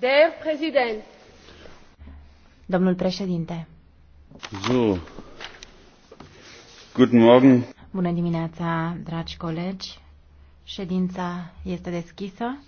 Der Präsident. Domnul președinte. So. Guten Morgen. Bună dimineața, dragi colegi. Ședința este deschisă.